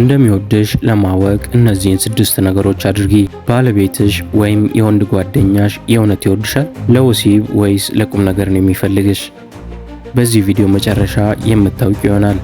እንደሚወድሽ ለማወቅ እነዚህን ስድስት ነገሮች አድርጊ። ባለቤትሽ ወይም የወንድ ጓደኛሽ የእውነት ይወድሻል? ለወሲብ ወይስ ለቁም ነገር ነው የሚፈልግሽ? በዚህ ቪዲዮ መጨረሻ የምታውቂ ይሆናል።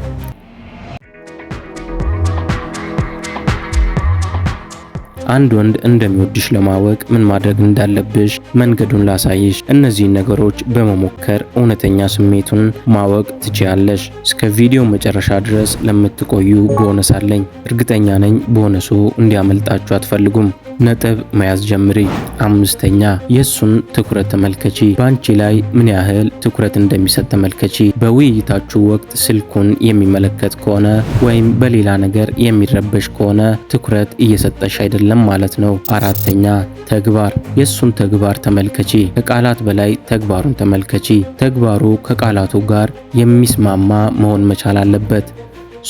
አንድ ወንድ እንደሚወድሽ ለማወቅ ምን ማድረግ እንዳለብሽ መንገዱን ላሳይሽ። እነዚህን ነገሮች በመሞከር እውነተኛ ስሜቱን ማወቅ ትችያለሽ። እስከ ቪዲዮ መጨረሻ ድረስ ለምትቆዩ ቦነስ አለኝ። እርግጠኛ ነኝ ቦነሱ እንዲያመልጣችሁ አትፈልጉም። ነጥብ መያዝ ጀምሪ። አምስተኛ የእሱን ትኩረት ተመልከቺ። በአንቺ ላይ ምን ያህል ትኩረት እንደሚሰጥ ተመልከቺ። በውይይታችሁ ወቅት ስልኩን የሚመለከት ከሆነ ወይም በሌላ ነገር የሚረበሽ ከሆነ ትኩረት እየሰጠሽ አይደለም ማለት ነው። አራተኛ ተግባር፣ የእሱን ተግባር ተመልከቺ። ከቃላት በላይ ተግባሩን ተመልከቺ። ተግባሩ ከቃላቱ ጋር የሚስማማ መሆን መቻል አለበት።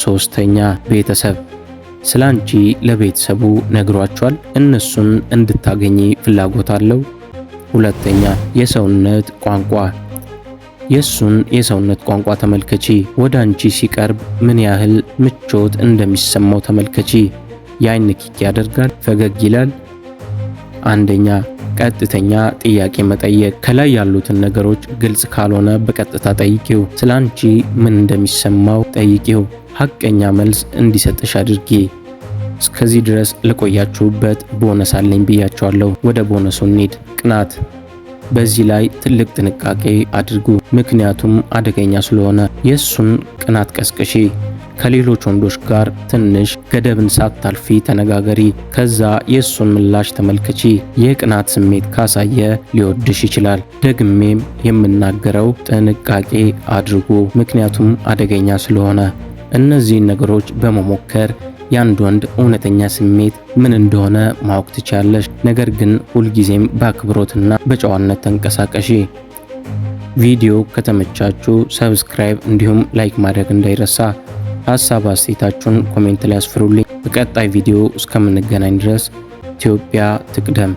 ሶስተኛ ቤተሰብ ስለ አንቺ ለቤተሰቡ ነግሯቸዋል? እነሱን እንድታገኚ ፍላጎት አለው? ሁለተኛ የሰውነት ቋንቋ የእሱን የሰውነት ቋንቋ ተመልከቺ። ወደ አንቺ ሲቀርብ ምን ያህል ምቾት እንደሚሰማው ተመልከቺ። የአይን ያደርጋል? ፈገግ ይላል? አንደኛ ቀጥተኛ ጥያቄ መጠየቅ። ከላይ ያሉትን ነገሮች ግልጽ ካልሆነ በቀጥታ ጠይቂው። ስለ አንቺ ምን እንደሚሰማው ጠይቂው። ሀቀኛ መልስ እንዲሰጥሽ አድርጊ። እስከዚህ ድረስ ለቆያችሁበት ቦነስ አለኝ ብያቸዋለሁ። ወደ ቦነሱ እንሂድ። ቅናት በዚህ ላይ ትልቅ ጥንቃቄ አድርጉ፣ ምክንያቱም አደገኛ ስለሆነ። የእሱን ቅናት ቀስቅሺ። ከሌሎች ወንዶች ጋር ትንሽ ገደብን ሳታልፊ ተነጋገሪ። ከዛ የእሱን ምላሽ ተመልከቺ። የቅናት ስሜት ካሳየ ሊወድሽ ይችላል። ደግሜም የምናገረው ጥንቃቄ አድርጉ፣ ምክንያቱም አደገኛ ስለሆነ። እነዚህን ነገሮች በመሞከር የአንድ ወንድ እውነተኛ ስሜት ምን እንደሆነ ማወቅ ትችያለሽ። ነገር ግን ሁልጊዜም በአክብሮትና በጨዋነት ተንቀሳቀሺ። ቪዲዮ ከተመቻችሁ ሰብስክራይብ እንዲሁም ላይክ ማድረግ እንዳይረሳ። ሀሳብ አስተያየታችሁን ኮሜንት ላይ አስፍሩልኝ። በቀጣይ ቪዲዮ እስከምንገናኝ ድረስ ኢትዮጵያ ትቅደም።